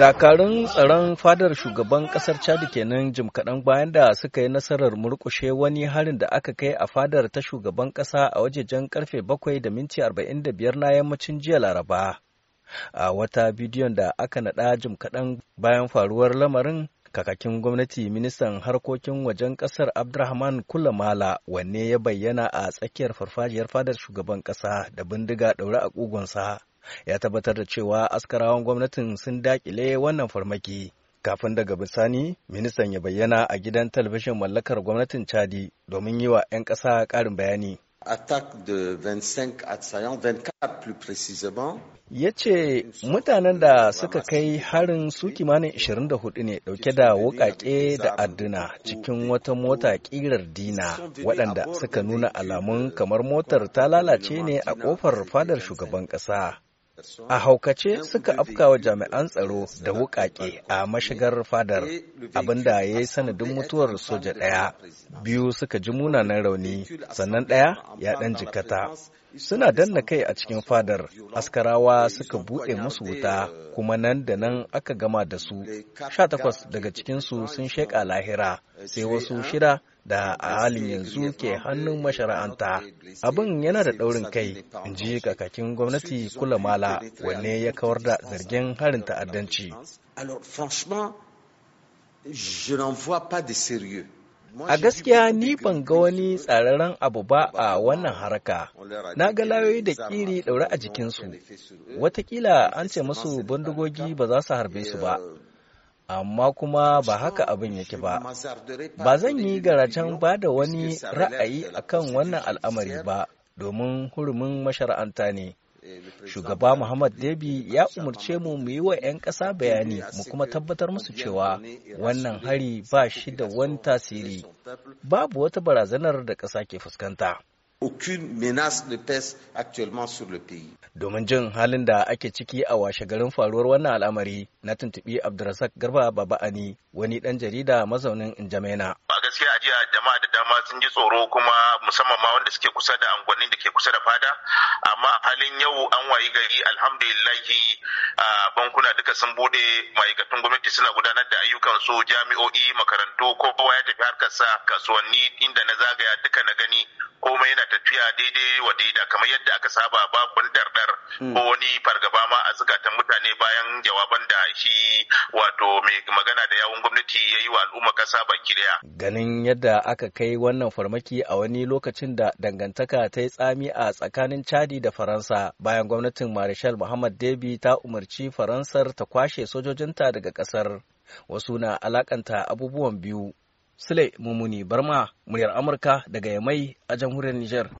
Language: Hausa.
Dakarun tsaron fadar shugaban kasar Chad kenan jim kaɗan bayan da suka yi nasarar murkushe wani harin da aka kai a fadar ta shugaban ƙasa a wajejen karfe 7 da minti 45 na yammacin jiya Laraba. A wata bidiyon da aka naɗa jim kaɗan bayan faruwar lamarin kakakin gwamnati ministan harkokin wajen ƙasar Abdurrahman Kulamala wanne ya bayyana a tsakiyar farfajiyar fadar shugaban ƙasa da bindiga ɗaure a ƙugunsa. ya tabbatar da cewa askarawan gwamnatin sun dakile wannan farmaki kafin daga bisani ministan ya bayyana a gidan talabijin mallakar gwamnatin chadi domin yi wa 'yan ƙasa ƙarin bayani Ya ce mutanen da suka kai harin su kimanin 24 ne dauke da wukake da adduna cikin wata mota ƙirar dina waɗanda suka nuna alamun kamar motar ta lalace ne a ƙofar fadar shugaban ƙasa. a haukace suka afka wa jami'an tsaro da wukake a mashigar fadar abinda ya yi sanadin mutuwar soja ɗaya biyu suka ji munanan rauni sannan ɗaya ya ɗan jikata suna danna kai a cikin fadar askarawa suka buɗe musu wuta kuma nan da nan aka gama da su sha takwas daga cikinsu sun sheƙa lahira sai wasu shida da a halin yanzu ke hannun mashara'anta abin yana da ɗaurin kai in ji kakakin gwamnati kula mala wanne ya kawar da zargin harin ta'addanci Alors franchement, de sérieux. A gaskiya ni ban ga wani tsararren abu ba a wannan haraka. Na ga layoyi da kiri ɗaure a jikinsu. Watakila an ce masu bindigogi ba za su harbe su ba. Amma kuma ba haka abin yake ba. Ba zan yi garacen ba da wani ra'ayi akan wannan al'amari ba, domin hurumin mashara'anta ne. Shugaba Muhammad Debi ya umarce mu mu yi wa 'yan ƙasa bayani mu kuma tabbatar musu cewa wannan hari ba shi da wani tasiri, babu wata barazanar da ƙasa ke fuskanta. aucune menace ne pèse actuellement sur le pays. Domin jin halin da ake ciki a washe garin faruwar wannan al'amari na tuntuɓi Abdulrasak Garba Baba Baba'ani wani ɗan jarida mazaunin Njamena. Ba gaskiya ajiya jama'a da dama sun ji tsoro kuma musamman ma wanda suke kusa da angwannin da ke kusa da fada amma halin yau an wayi gari alhamdulillahi bankuna duka sun bude ma'aikatan gwamnati suna gudanar da ayyukan su jami'o'i makarantu kowa ya tafi harkar sa. kasuwanni inda na zagaya duka na gani komai yana tafiya daidai wa daida kamar yadda aka saba babun dardar hmm. ko wani fargaba ma a zukatan mutane bayan jawaban da shi wato mai magana da yawun gwamnati ya yi wa al'umma kasa baki daya. Ganin yadda aka kai wannan farmaki a wani lokacin da dangantaka ta yi tsami a tsakanin Chadi da Faransa bayan gwamnatin marisha Michel Mohamed Debi ta umarci Faransar ta kwashe sojojinta daga ƙasar. Wasu na alakanta abubuwan biyu. Sule Mumuni Barma, muryar Amurka daga Yamai a jamhuriyar Nijar.